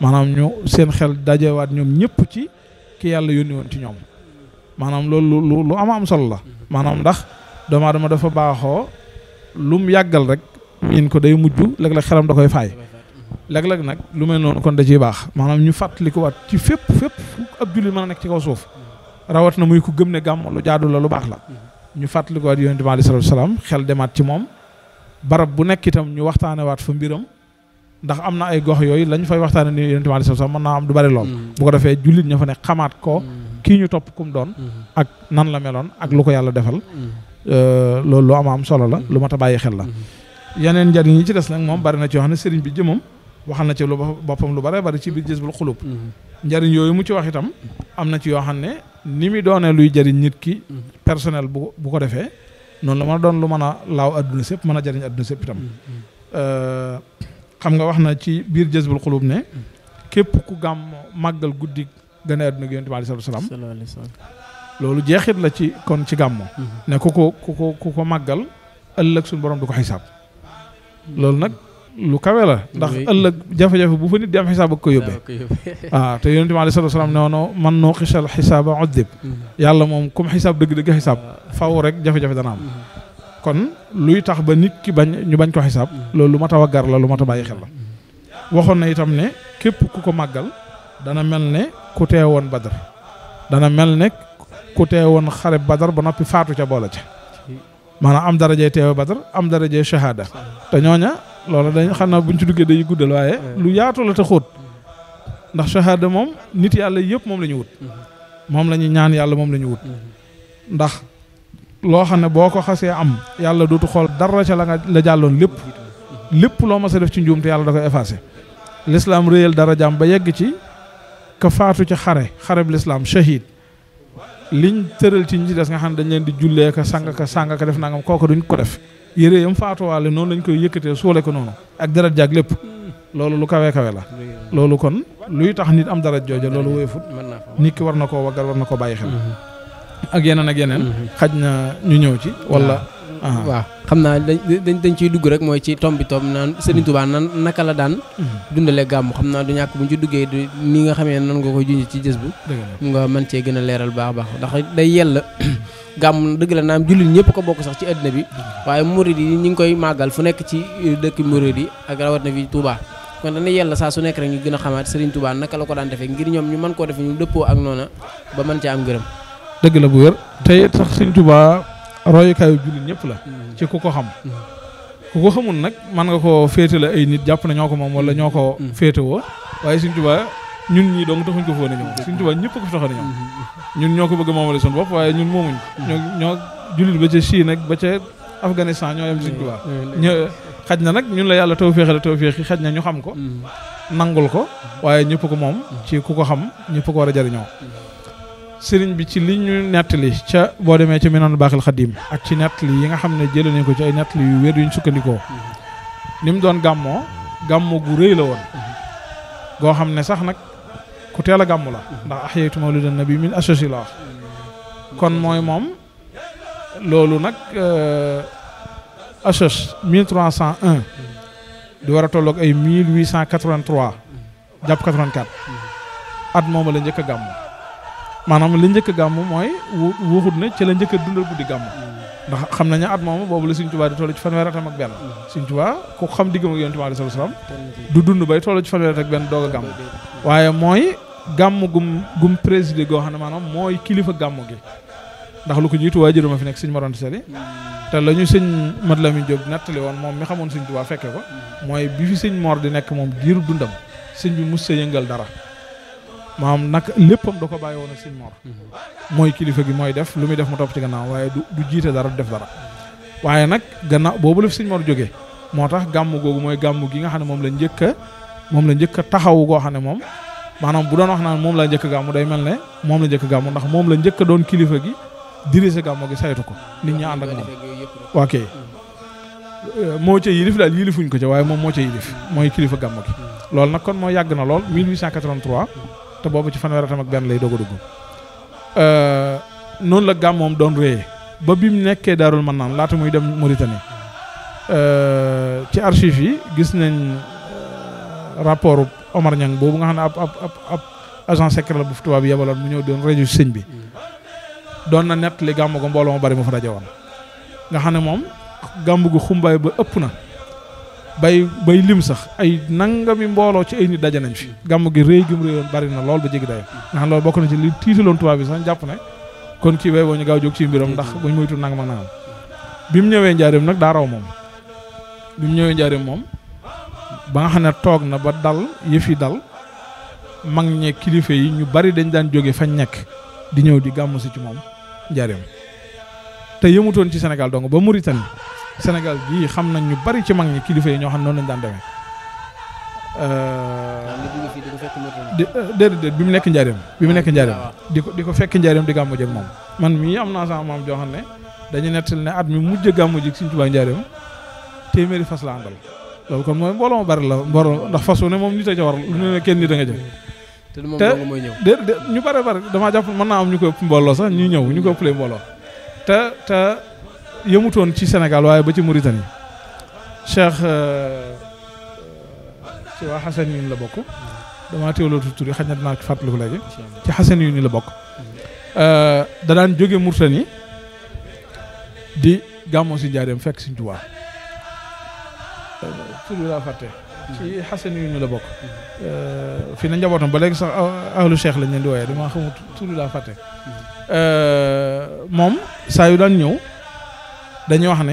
maanaam ñu seen xel dajewaat ñoom ñëpp ci ki yàlla yónni woon ci ñoom maanaam loolu lu lu am am solo la maanaam ndax doomu aadama dafa baaxoo lum yàggal rek miin ko day mujj léeg-léeg xelam da koy faay léeg-léeg nag lu mel noonu kon da ciy baax maanaam ñu fàttalikuwaat ci fépp fépp ab jullit mën a nekk ci kaw suuf rawat na muy ku gëm ne gàmm lu jaadu la lu baax la ñu fàttali ko waat yonent bi aleyhi salaatu salaam xel demaat ci moom barab bu nekk itam ñu waxtaane waat fa mbiram ndax am na ay gox yooyu lañ fay waxtaane ni yonent bi aleyhi salaatu salaam mën naa am du bari lool mm-hmm. bu ko defee jullit ña fa ne xamaat ko mm-hmm. kii ñu topp kum doon mm-hmm. ak nan la meloon ak lu ko yàlla defal euh, loolu lu am am solo la lu ma a bàyyi xel la yeneen njariñ yi ci des nag moom bari na ci yoo bi jëmam wax na ci lu boppam lu bare bari ci biir Jazbul Xulub mhm. njariñ yooyu mu ci wax itam am na ci yoo xam ne ni mu doonee luy jariñ nit ki mhm. personnel bu bu ko defee noonu la mën a doon lu mën a laaw adduna sëpp mën a jariñ adduna sëpp itam mhm. euh, xam nga wax na ci biir Jazbul Xulub ne képp ku gàmm màggal guddi gën a adduna gi yonent bi alayhi salaam loolu jeexit la ci kon ci gàmmu ne ku ko ku ko ku ko màggal ëllëg suñu borom du ko xisaab loolu nag lu kawe la ndax ëllëg jafe-jafe bu fa nit di am xisaab ak ko yóbbee waaw ah, te yonent bi aleyhi salaatu wa salaam ne woon man noo xisal xisaaba uddib mm-hmm. yàlla moom comme xisaab dëgg-dëgg xisaab ah. faw rek jafe-jafe am mm-hmm. kon luy tax ba nit ki bañ ñu bañ ko xisaab mm-hmm. loolu lu mat a waggar lu mat a bàyyi xel la waxoon na itam ne képp ku ko màggal dana mel ne ku tee woon badar dana mel ne ku tee woon xare badar ba noppi faatu ca boole ca maanaam am darajee teewe badar am darajee shahada te ñooña loolu dañ xam bu ñu ci duggee day guddal waaye lu yaatu la te xóot ndax shahada moom nit yàlla yëpp moom la ñu wut mm-hmm. moom la ñu ñaan yàlla moom la ñu wut mm-hmm. ndax loo xam ne boo ko xasee am yàlla dootu xool dara ca la nga la jàlloon lépp mm-hmm. lépp loo mas def ci njuum te yàlla da koy effacé lislaam réyal dara jàmm ba yegg ci ka faatu ci xare xareb lislaam shahid liñ tëral ci ñi ci des nga xam ne dañ leen di jullee ka sang ka sang ka def nangam kooku duñ ko def yére yam faatuwaale noonu lañ koy yëkkatee suule ko noonu ak dara jaag lépp loolu lu kawee kawe la loolu kon luy tax nit am dara jooja loolu woyofut nit ki war na ko waggal war na ko bàyyi xel mhm. ak yeneen ak yeneen mhm. xaj na ñu ñëw ci wala waa ah. xam naa dañ dañ ciy dugg rek mooy ci tomb bi tomb naan Serigne Touba nan naka la daan mhm. dundale gàmm xam naa du ñàkk bu ñu ci duggee du ni nga xamee nan nga koy junj ci jës bu nga mën cee gën a leeral baax baa ndax day yell gàmm dëgg la naam jullit ñëpp ko bokk sax ci àddina bi waaye murid yi ñu ngi koy màggal fu nekk ci euh, dëkk murid yi ak rawat na fi Touba kon dana yàlla saa su nekk rek ñu gën a xamaat Serigne Touba naka la ko daan defee ngir ñoom ñu mën koo defee ñu dëppoo ak noona ba man caa am ngërëm dëgg la bu wér tey sax Serigne Touba royukaayu jullit ñëpp la mm-hmm. ci ku ko xam mm-hmm. ku ko xamul nag mën nga ko féete la ay nit jàpp na ñoo ko moom wala ñoo ko mm-hmm. féete woo waaye ñun ñii dong taxuñ ko foon a ñëw suñ tubaab ñëpp ko fi taxoon a mm-hmm. ñun ñoo ko bëgg a moomale suñu bopp waaye ñun moomuñ mm-hmm. ñoo ñoo jullit ba ca Chine ak ba ca Afghanistan ñoo yem suñ tubaab ñu xaj na nag ñun la yàlla la féexale taw féexi xaj na ñu xam ko mm-hmm. nangul ko waaye ñëpp ko moom ci ku ko xam ñëpp ko war a jariñoo sëriñ bi ci li ñu nettali ca boo demee ca Minanul Baaxil Xadim ak ci nettali yi nga xam ne jëlee nañ ko ci ay nettali yu wér yuñ sukkandikoo ni mu doon gàmmoo gàmmoo gu rëy la ku teel a la ndax ahyaytu mawlidan nabi min associ la kon mooy moom loolu nag euh, assoc 1301 di war a tolloog ay 1883 jàpp 84 at moom la njëkk a gàmm maanaam la njëkk a gàmm mooy waxut ne ci la njëkk a dundal guddi gàmm ndax xam nañu at moom boobu la Sëriñ Tuubaa di toll ci fanweer atam ak benn Sëriñ Tuubaa ku xam diggam ak Yonent bi alayhi salaam du dund bay toll ci fanweer ak benn doog a gàmm waaye mooy gàmm gum gum présidé goo xam ne maanaam mooy kilifa gàmm gi ndax lu ko jiitu waajur ma fi nekk siñ Mor Anta Sali te la ñu sëñ la Lamin jóg nettali woon moom mi xamoon Sëriñ Tuubaa fekke ko mooy bi fi sëñ Mor di nekk moom diiru dundam sëñ bi mus sa yëngal dara maanaam nag léppam da ko bàyyi woon ak sëñ Mor mhm. mooy kilifa gi mooy def lu muy def mu topp ci gannaaw waaye du du jiite dara du def dara waaye nag gannaaw boobu la fi sëñ Mor jógee moo tax gàmm googu mooy gàmm gi nga xam ne moom la njëkk a moom la njëkk taxawu goo xam ne moom maanaam bu doon wax naan moom la njëkk gàmm day mel ne moom la jëkk gàmm ndax moom la njëkk doon kilifa gi dirigé gàmm gi saytu ko nit ñi ànd ak moom ok moo ca yilif daal yilifuñ ko ca waaye moom moo ca yilif mooy kilifa gàmm gi mm. loolu nag kon moo yàgg na lool 1883 te boobu ci fanweeri atam ak benn lay doog a dugg euh, noonu la gàmmoom doon réyee ba bi mu nekkee daarul man naan laata muy dem Mauritanie euh, ci archives yi gis nañ euh, rapport Omar Niang boobu nga xam ne ab ab ab agent secret la bu fi tubaab bi mu ñëw doon réju sëñ bi doon na nett li gàmm ko mbooloo mu bari mu fa daje woon nga xam ne moom gàmm gu xumbaay ba ëpp na bay bay lim sax ay nangami mbooloo ci ay daje nañ fi gàmm gi réy gi mu bari na lool ba jéggi dayo nga xam loolu bokk na ci li tiitaloon tubaab bi sax jàpp ne kon kii bay boo ñu gaaw jóg ci mbiram ndax buñ moytu nang ma nangam bi mu ñëwee njaareem nag daa moom bi ñëwee njaareem moom ba nga xam ne toog na ba dal yëf yi dal mag ñe kilifa yi ñu bari dañ daan jóge fañ nekk di ñëw di gàmmu si ci moom njaareem te yëmutoon ci Sénégal donc ba Mauritanie Sénégal gii xam nañ ñu bari ci mag ñi kilifa yi ñoo xam noonu lañ daan demee. di euh, déedéet bi mu nekk njaareem bi mu nekk ah, njaareem di ko di ko fekk njaareem di gàmmu jëg moom man mii am naa sama maam joo xam ne dañu nettal ne at mi mujj gàmmu jëg Sëñ Tuubaa njaareem téeméeri fas la àndal kon mooy mbooloo ma bari la mbooloo ndax fasu ne moom nit a ca war lu ne kenn nit a nga jël te de ñu bare bare damaa jàpp mën naa am ñu ko ëpp mbooloo sax ñu ñëw ñu ko ëppalee mbooloo te yëmutoon ci Sénégal waaye ba ci Mauritanie Cheikh euh, euh, ci waa xasan yu ni la bokk damaa teewloo tur yi xaj na dinaa fàttaliku léegi ci xasan yu ni la bokk euh, da daan jóge Mauritanie di gàmmoo si njaareem fekk si Tuubaa tur bi laa fàtte ci xasan yu ni la bokk fii na njabootam ba léegi sax ahlu cheikh lañ leen di wooyee damaa xamut laa fàtte mm-hmm. moom saa yu daan ñëw dañuy wax ne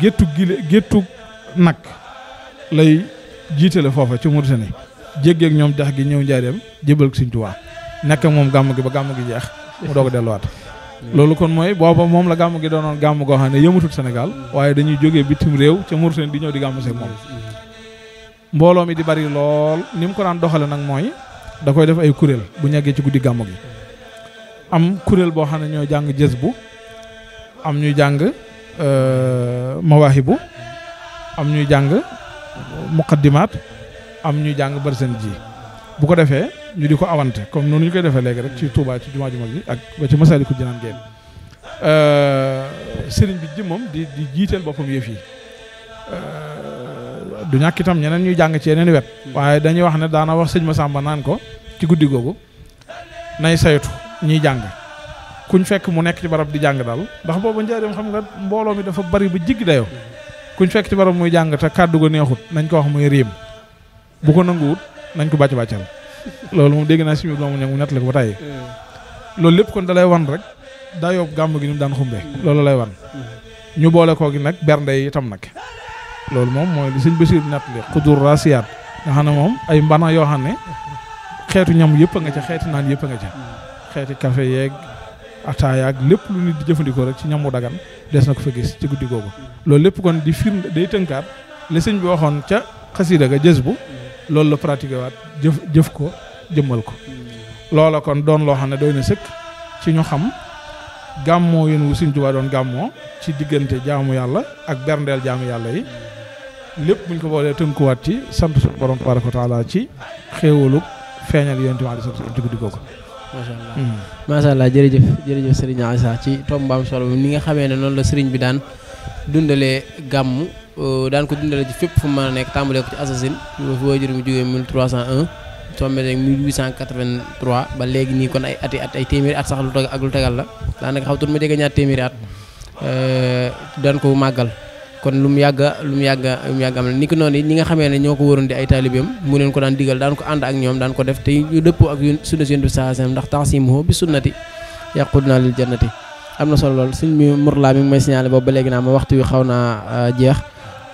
géttu gile géttu nag lay jiitale foofa ci Mauritanie jéggeeg ñoom dex gi ñëw njaareem jébal ko Sëñ Tuubaa moom gàmm gi ba gàmm gi jeex mu doog a delluwaat. loolu kon mooy booba moom la gàmm gi doon doonoon gàmm goo xam ne yëmatul Sénégal waaye dañuy jógee bitim réew ca Mauritanie di ñëw di gàmm seeg moom. mbooloo mi di bari lool ni mu ko daan doxale nag mooy da koy def ay kuréel bu ñeggee ci guddi gàmm gi am kuréel boo xam ne ñoo jàng jës bu. am ñuy jàng euh, bu am ñuy jàng muqaddimaat am ñuy jàng barsen ji bu ko defee ñu di ko awante comme noonu ñu koy defee léegi rek ci Touba ci jumaa ju mag ji ak ba ci Masaalikul Jinaan génn euh, sëriñ bi ji moom di di jiiteel boppam yëf yi euh, du ñàkk ñeneen ñuy jàng ci yeneen wet waaye dañuy wax ne daana wax sëñ Masamba naan ko ci guddi googu nay saytu ñiy jàng kuñ fekk mu nekk ci barab di jàng daal ndax booba njaareem xam nga mbooloo mi dafa bari ba jig dayoo kuñ fekk ci barab muy jàng te kàddu ga neexut nañ ko wax muy riim bu ko nanguwut nañ ko bàcc bàccal loolu moom dégg naa si biir doomu ña nett la ko ba tey loolu lépp kon da lay wan rek daa yóbbu gàmm gi ni mu daan xumbe loolu lay wan ñu boole koo gi nag bernde yi itam nag loolu moom mooy li sëñ Basiir nett li xudur rasiyaat nga xam ne moom ay mbana yoo xam ne xeetu ñam yëpp nga ca xeeti naan yëpp a nga ca xeeti café yeeg ataaya ak lépp lu nit di jëfandikoo rek ci ñamu dagan des na ko fa gis ci guddi googu loolu lépp kon di firnde day tënkaat li sëñ bi waxoon ca xasiida ga jës bu loolu la pratiqué waat jëf jëf ko jëmmal ko loola kon doon loo xam ne doy na sëkk ci ñu xam gàmmoo yéen wu sëñ Tuubaa doon gàmmoo ci diggante jaamu yàlla ak berndeel jaamu yàlla yi lépp buñ ko boolee tënkuwaat ci sant suñu borom tabaaraka wa taala ci xéewalu feeñal yonent bi alayhi salaatu wa salaam ci guddi googu macha allah hmm. macha allah jërëjëf jërëjëf sëriñ Issa ci tombaam solo bi ni nga xamee ne noonu la sëriñ bi daan dundalee gàmm euh, daan ko dundalee ci fépp fu mu a nekk tàmbalee ko ci assasine ñu fi waajur mu jógee 1301 tombé rek 1883 ba léegi nii kon ay ati at ay téeméeri at sax lu tag ak lu tegal la daanaka xaw tuut ma jege ñaar téeméeri at euh, daan ko màggal kon lu mu yàgg lu mu yàgg lu mu yàgg am la ni ki noonu it ñi nga xamee ne ñoo ko waroon di ay taalibeem mu leen ko daan digal daan ko ànd ak ñoom daan ko def te yu dëppoo ak yu sunna si yonent bi saa sallam ndax taxsimuhu bi sunnati yaquduna lil jannati am na solo lool suñ mi murlaa mi ngi may signalé boobu ba léegi naa ma waxtu wi xaw naa euh, jeex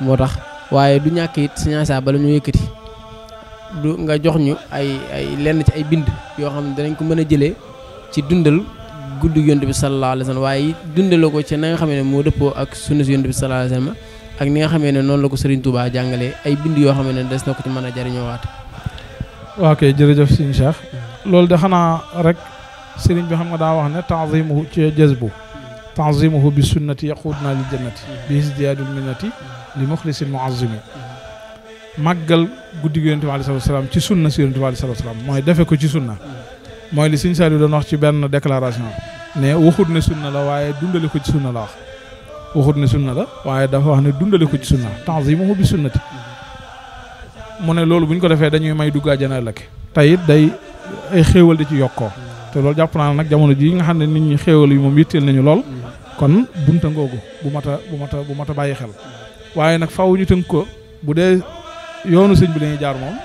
moo tax waaye du ñàkk it signalé saa bala ñu yëkkati du nga jox ñu ay ay lenn ci ay bind yoo xam ne danañ ko mën a jëlee ci dundal guddi yonent bi sallallahu alayhi wa sallam waaye dundale ko ci na nga xam moo dëppoo ak sunna si bi sallallahu alayhi wa sallam ak ni nga xamee ne noonu la ko Serigne Touba jàngalee ay bind yoo xam ne des na ko ci mën a jariñoowaat. waaw jërëjëf Serigne Cheikh loolu de xanaa rek Serigne bi xam nga daa wax ne tanzimuhu ci jazbu tanzimuhu bi sunnati yaqudna li jannati bi isdiyaadul minnati li muxlisil muazimi màggal guddi gi yonent bi alayhi salaam ci sunna si yonent bi alayhi salaam mooy defe ko ci sunna mooy li Sëñ Saliou doon wax ci benn déclaration ne waxut ne sunna la waaye dundale ko ci sunna la wax waxut ne sunna la waaye dafa wax ne dundale ko ci sunna tanzimuhu bi sunnati mu ne loolu bu ñu ko defee dañuy may dugg àjjana ëllëg te day ay xéewal di ci yokkoo te loolu jàpp naa nag jamono ji nga xam ne nit ñi xéewal yi moom yitteel nañu lool kon bunta ngoogu bu mat a bu mat a bu mat a bàyyi xel waaye nag faaw ñu tënk ko bu dee yoonu sëñ bi dañuy jaar moom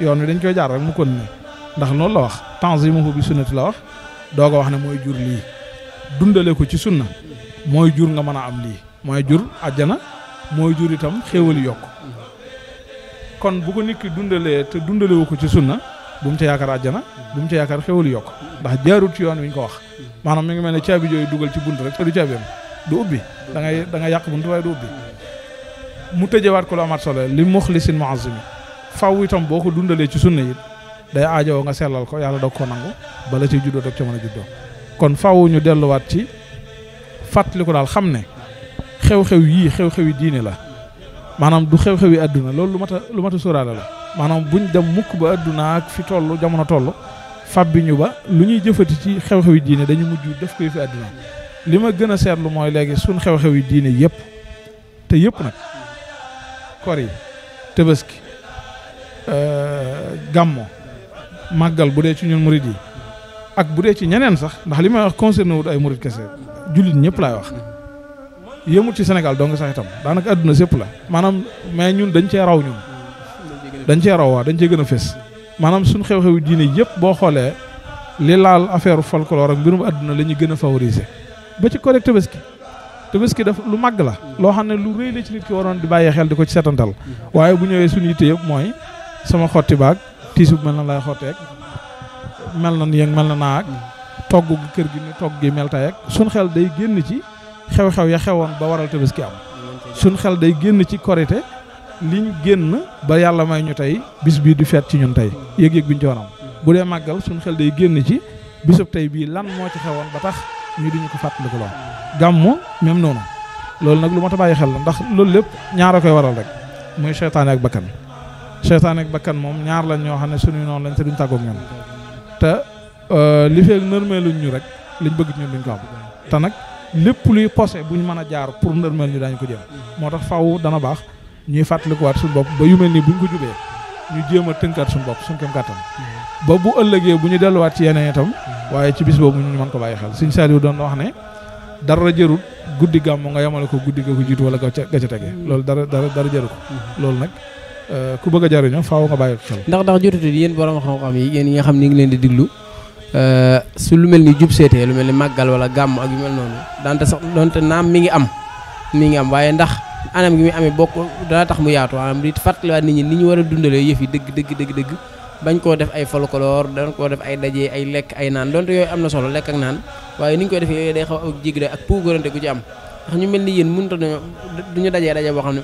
yoon wi dañ koy jaar rek ndax loolu la wax tanzimuhu bi sunnati la wax doo ko wax ne mooy jur lii dundale ko ci sunna mooy jur nga mën a am lii mooy jur àjjana mooy jur itam xéewal yokk kon bu ko nikki dundalee te dundale wu ko ci sunna bu mu ca yaakaar àjjana bu mu ca yaakaar xéewal yokk ndax jaarut ci yoon wi ko wax maanaam mi ngi mel ne caabi jooyu dugal ci buntu rek te du caabeem du ubbi da ngay da yàq bunt waaye du ubbi mu tëjewaat ko lu amaat solo li muxlisin muazimi faw itam boo ko dundalee ci sunna yi day aajowoo nga sellal ko yàlla doog koo nangu bala ci juddoo doog ca mën a juddoo kon faw ñu delluwaat ci fàttali ko daal xam ne xew-xew yii xew-xew yi diine la maanaam du xew-xew yi àdduna loolu lu mat a lu mat a sóoraale la maanaam buñ dem mukk ba àdduna ak fi toll jamono toll fab bi ñu ba lu ñuy jëfati ci xew-xew yi diine dañu mujj def koy fi àdduna li ma gën a seetlu mooy léegi suñ xew-xew yi diine yëpp te yëpp nag kor yi tëbaski euh, gàmmo màggal bu dee ci ñun murid yi ak bu dee ci ñeneen sax ndax li may wax concerné wut ay murid kese jullit ñëpp laay wax yëmut ci Sénégal dong sax itam daanaka àdduna sépp la maanaam mais ñun dañ cee raw ñun dañ cee raw waa dañ cee gën a fés maanaam suñ xew-xewi diine yëpp boo xoolee li laal affaire folklore ak mbirum àdduna la ñuy gën a favoriser ba ci correct Tabaski ki daf lu màgg la loo xam ne lu rëy la ci nit ki waroon di bàyyi xel di ko ci setantal waaye bu ñëwee suñu yitte yëpp mooy sama xotti baag tiisub mel na lay xotteeg mel na nii mel na naa ak kër gi ni togg gi suñ xel day génn ci xew-xew ya xewoon ba waral tabaski am suñ xel day génn ci korite liñ génn ba yàlla may ñu tey bis bii di feet ci ñun tey yëg-yëg bi ñu bu dee màggal suñ xel day génn ci bisub tey bii lan moo ci xewoon ba tax ñu di ñu ko fàttaliku lool gàmmu même noonu loolu nag lu ma ta bàyyi xel la ndax loolu lépp ñaara koy waral rek muy seytaane ak bakkan seytaane ak bakkan moom ñaar lañ ñoo xam ne suñuy noonu lañ te duñ tàggoog ñoom te euh, li feeg nërmeeluñ ñu rek liñ bëgg ñu duñ ko am te nag lépp luy posé buñ mën a jaar pour nërmeel ñu daañu ko jëm moo tax faw dana baax ñuy fàttalikuwaat suñu bopp ba yu mel nii buñ ko jubee ñu jéem a tënkaat suñu bopp suñ kem kàttan ba bu ëllëgee bu ñu delluwaat ci yeneen itam waaye ci bis boobu ñu mën ko bàyyi xel suñ Saliou doon wax ne dara jërut guddi gàmm nga yamale ko guddi ga ko jiitu wala ga ca tege loolu dara dara dara jëru loolu nag Euh, ku bëgg a jariñoo faaw nga bàyyi xel ndax ndax jotatul yéen borom xam-xam yi xam ni ngi leen di diglu euh, su lu mel ni jub seetee lu mel ni màggal wala gàmm ak yu mel noonu daante sax doonte naam mi ngi am mi ngi am waaye ndax anam gi muy amee bokk daa tax mu yaatu anam di fàttaliwaat nit ñi ni ñu war a dundalee yëf yi dëgg dëgg dëgg dëgg bañ koo def ay folklore dañ koo def ay daje ay lekk ay naan donte yooyu am na solo lekk ak naan waaye ni ñu koy defee yooyu a jéggi ak puugarante gu ci am ndax ñu mel boo xam ne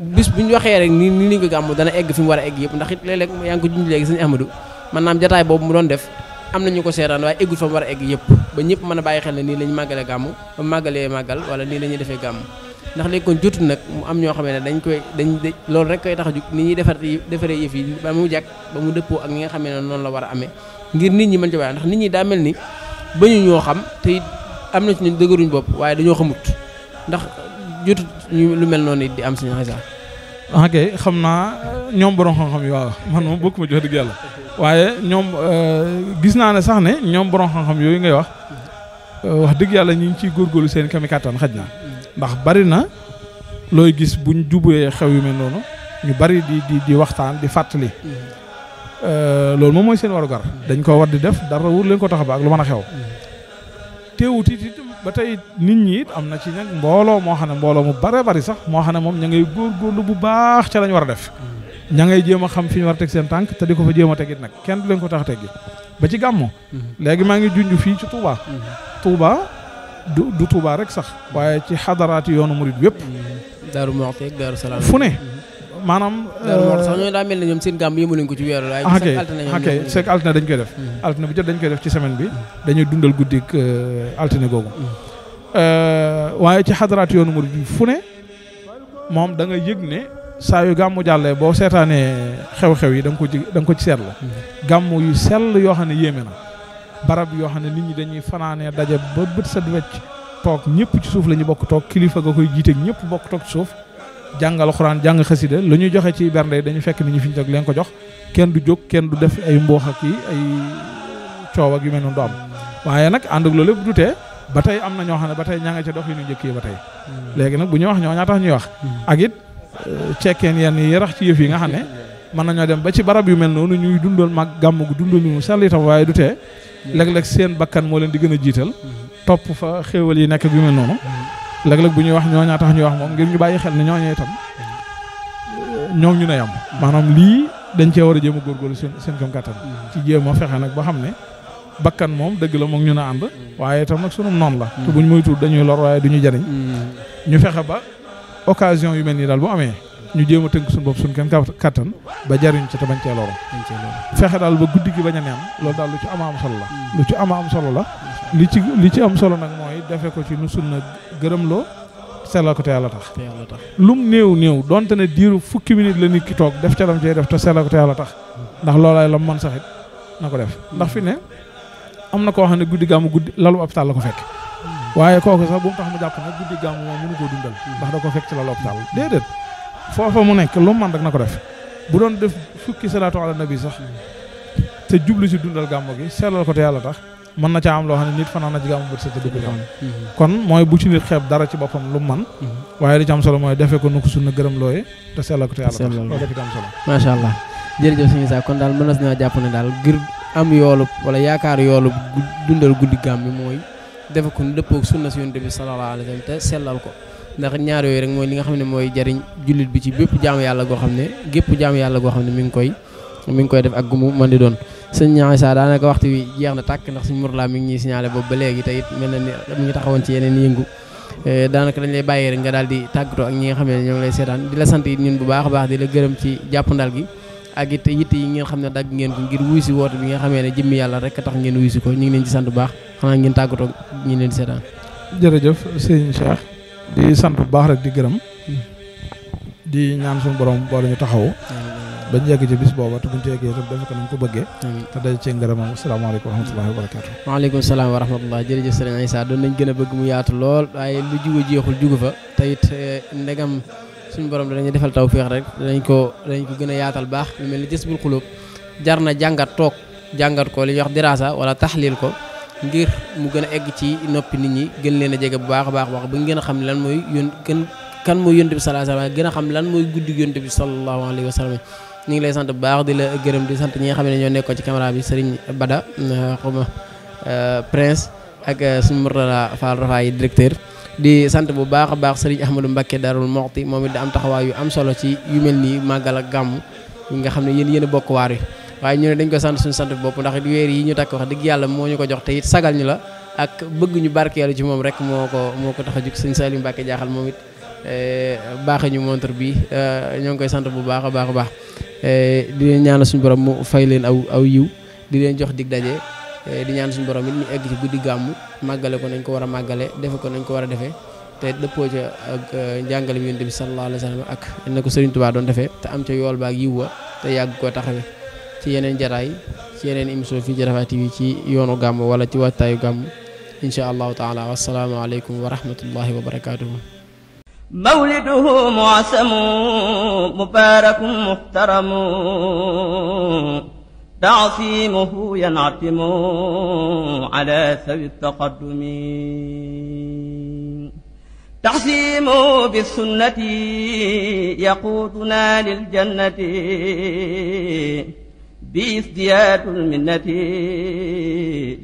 bis bu ñu waxee rek nii nii lañ ko gàmmu dana egg fi mu war a egg yëpp ndax it léeg-léeg yaa ngi ko junj léegi sëñ Ahmadou maanaam jataay boobu mu doon def am na ñu ko seetaan waaye eggul fa mu war a egg yëpp ba ñëpp mën a bàyyi xel ne nii la ñu gàmmu ba màggalee màggal wala nii la defee gàmmu ndax léegi kon nag mu am ñoo xamee ne dañ koy dañ loolu rek koy tax a jug ni ñuy defar defaree yëf yi ba mu jàkk ba mu dëppoo ak ñi nga xamee ne noonu la war a amee ngir ñi mën ci waaye ndax ñi daa mel ni ba ñu ñoo xam te it am na ci ñu dëgëruñ bopp waaye dañoo xamut ndax jotut ñu lu mel noonu di am suñu Isa ah, ok xam naa ñoom borom xam-xam yi waaw man moom bokkuma jox dëgg yàlla waaye ñoom euh, gis naa ne sax ne ñoom borom xam-xam yooyu ngay wax euh, wax dëgg yàlla ñu ngi ciy góorgóorlu seen kami kàttan xaj na ndax bari na looy gis buñ jubee xew yu mel noonu ñu bari di di di waxtaan di fàttali euh, loolu moom mooy seen warugar dañ ko war di def dara wur leen ko tax a baax lu mën a xew teewut it ba tey nit ñi am na ci nag mbooloo moo xam ne mbooloo mu bare bari sax moo xam ne moom ña góor góorlu bu baax ca lañ war a def mm. ña ngay jéem a xam fi war a teg seen tànk te di ko fa jéem a tegit nag kenn du leen ko tax teggi ba ci gàmmu mm-hmm. léegi maa ngi junj fii ci Touba mm-hmm. tuubaa du du Touba rek sax waaye ci xadaraati yoonu murid wépp mm-hmm. daaru Muxti daaru Salaam fu ne maanaam. loolu sax euh, ñooñu daa mel na ñoom seen gàmm yëmaluñ ko ci weeru la. ay chaque altine ñoom ah, dañ koy def. Mm. altine bu jot dañ koy def ci semaine bi. dañoo dundal guddik euh, altine googu. Mm. Euh, waaye ci xadaraat yoonu murid bi fu ne moom da nga yëg ne saa yu gàmmu jàllee boo seetaanee xew-xew yi da ko ci da ko ci seetlu. Mm. gàmmu yu sell yoo xam ne yéeme na. barab yoo xam ne nit ñi dañuy fanaanee daje ba bët set wecc toog ñëpp ci suuf la ñu bokk toog kilifa nga koy jiite ñëpp bokk toog suuf jàng alxuraan jàng xasida lu ñuy joxe ci bernde dañu fekk ni ñu fi ñu toog leen ko jox kenn du jóg kenn du def ay mboox ak yi ay coow ak yu mel noonu du am waaye nag ànd ak loolu lépp du tee ba tey am na ñoo xam ne ba tey ña nga ca dox yi ñu njëkk yi ba tey hmm. léegi nag bu ñuy wax ñoo ñaa tax ñuy wax ak it euh, cekkeen yenn yi rax ci yëf yi nga xam ne mën nañoo dem ba ci barab yu mel noonu ñuy dundal mag gàmm gu dundal ñu sell waaye du tee hmm. léeg-léeg seen bakkan moo leen di gën a jiital hmm. topp fa xéewal yi nekk ak yu noonu léeg-léeg bu ñuy wax ñooñaa tax ñuy wax moom ngir ñu bàyyi xel ne ñooñee tam ñoom ñu ne yam maanaam lii dañ cee war a jéem góor góorgóorlu seen seen kam ci jéem fexe nag ba xam ne bakkan moom dëgg la moom ñu ne ànd waaye itam nag sunum noonu la mm. te buñ moytuwul dañuy lor waaye duñu jariñ mm. ñu fexe ba occasion yu mel nii daal bu amee ñu jéem a tënk suñu bopp suñu kenn kattan ba jariñ ci te bañ cee loro fexe daal ba guddi gi bañ a neem loolu daal lu ci ama am solo la mm. lu ci ama am solo la li ci li ci am solo nag mooy defe ko ci nu gërëm loo sellal ko te yàlla tax lum néew néew donte ne diiru fukki minute la nit ki toog def ca lam cee def te sellal ko te yàlla tax ndax loolaay la man saxit na ko def ndax fi ne am na koo xam ne guddi gàmmu guddi lalu hôpital la ko fekk waaye kooku sax bu mu tax mu jàpp nag guddi gàmmu moom mënu koo dundal ndax da ko fekk ci lalu hôpital déedéet foofa mu nekk lu man rek na ko def bu doon def fukki salaatu ala nabi sax te jublu si dundal gàmmu gi sellal ko te tax mën na caa am loo xam ne nit fanaan na ci gàmmu bët set mhm. kon mooy bu ci nit xeeb dara ci boppam lu man mhm. waaye li ci am solo mooy defee ko nu ko sunna gërëm looye te sellal ko te yàlla tax loolu ci am solo macha allah jërëjëf kon daal mën na jàpp ne daal ngir am yoolu wala yaakaar yoolu dundal guddi gàmm bi mooy defe ko nu dëppoog sunna si yonent bi sallallahu alayhi te sellal ko ndax ñaar yooyu rek mooy li nga xam ne mooy jariñ jullit bi ci bépp jaamu yàlla goo xam ne gépp jaamu yàlla goo xam ne mi ngi koy mi ngi koy def ak gumu man di doon sëñ Issa daanaka waxtu wi jeex na tàkk ndax suñu murlaa mi ngi ñuy signalé boobu ba léegi te it mel na ni mi ngi taxawoon ci yeneen yëngu eh, daanaka dañ lay bàyyi rek nga daal di tàggatoo ak nga xam ne ñoom lay seetaan di la sant it ñun bu baax baax di la gërëm ci yi ngeen xam ne dagg ngeen ko ngir wuy si woote bi nga xamee ne jëmmi yàlla rek tax ngeen si ko ñu ngi leen ci sant bu baax xanaa ngeen tàggatoo ñi leen seetaan jërëjëf sëñ Cheikh di sant bu baax rek di gërëm hmm. di ñaan suñu borom boole ñu taxaw bañ yegg ci bis booba te buñ ci yeggee itam def ko nañ ko bëggee te day cee ngërëmam asalaamaaleykum wa rahmatullahi wa barakatu waaleykum salaam wa rahmatullah jërëjëf sëriñ Issa doon nañ gën a bëgg mu yaatu lool waaye lu jugu jeexul jugu fa te it eh, ndegam suñu borom danañu defal taw féex rek danañ ko danañ ko gën a yaatal baax lu mel ni jës bul xulóob jar na jàngat toog jàngat ko li ñuy wax diraasa wala taxlil ko ngir mu gën a egg ci noppi nit ñi gën leen a jege bu baax a baax wax ba ngeen a xam lan mooy yoon kan kan mooy yonent bi sallallahu alayhi wa sallam gën a xam lan mooy guddi yonent bi sallallahu alayhi wa sallam ñu ngi lay sant bu baax di la gërëm di sant ñi nga xam ne ñoo nekkoon ci caméra bi Serigne Bada euh, xuma euh, Prince ak euh, suñu Mourtala Fall Rafaay directeur di sant bu baax a baax Serigne Ahmadou Mbacké Darou Mokhti moom it da am taxawaay yu am solo ci yu mel nii màggal ak gàmm yi nga xam ne yéen yéen bokk waar yi waaye ñu ne dañ ko sant suñu sant bopp ndax weer yi ñu takk wax dëgg yàlla moo ñu ko jox te it sagal ñu la ak bëgg ñu barkeelu ci moom rek moo ko moo ko tax a jug sëñ Saliou Mbacké jaaxal moom it Eh, baax ñu montre bi eh, ñoo ngi koy sant bu baax a baax a baax eh, di leen ñaanal suñu borom mu fay leen aw aw yiw di leen jox dig daje di ñaan suñu borom it ñu egg ci guddi gàmmu màggale ko nañ ko war a màggale defe ko nañ ko war a defe te dëppoo ca ak njàngale bi yonent bi sallallahu alayhi wa sallam ak na ko Serigne Touba doon defee te am ca yool ba yiw wa yàgg koo taxawee ci yeneen jataay ci yeneen émission fii ci Rafah ci yoonu gàmm wala ci wattaayu gàmm incha allahu taala wasalaamualeykum wa rahmatullahi wa barakaatuhu mawliduhu muasamu mubaarakun muhtaramu taasimuhu yanatimu ala sawi taqaddumi taasimuhu bisunnati yaquuduna liljannati biizdiyaadul minnati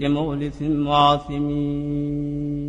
li muxlisin muasimi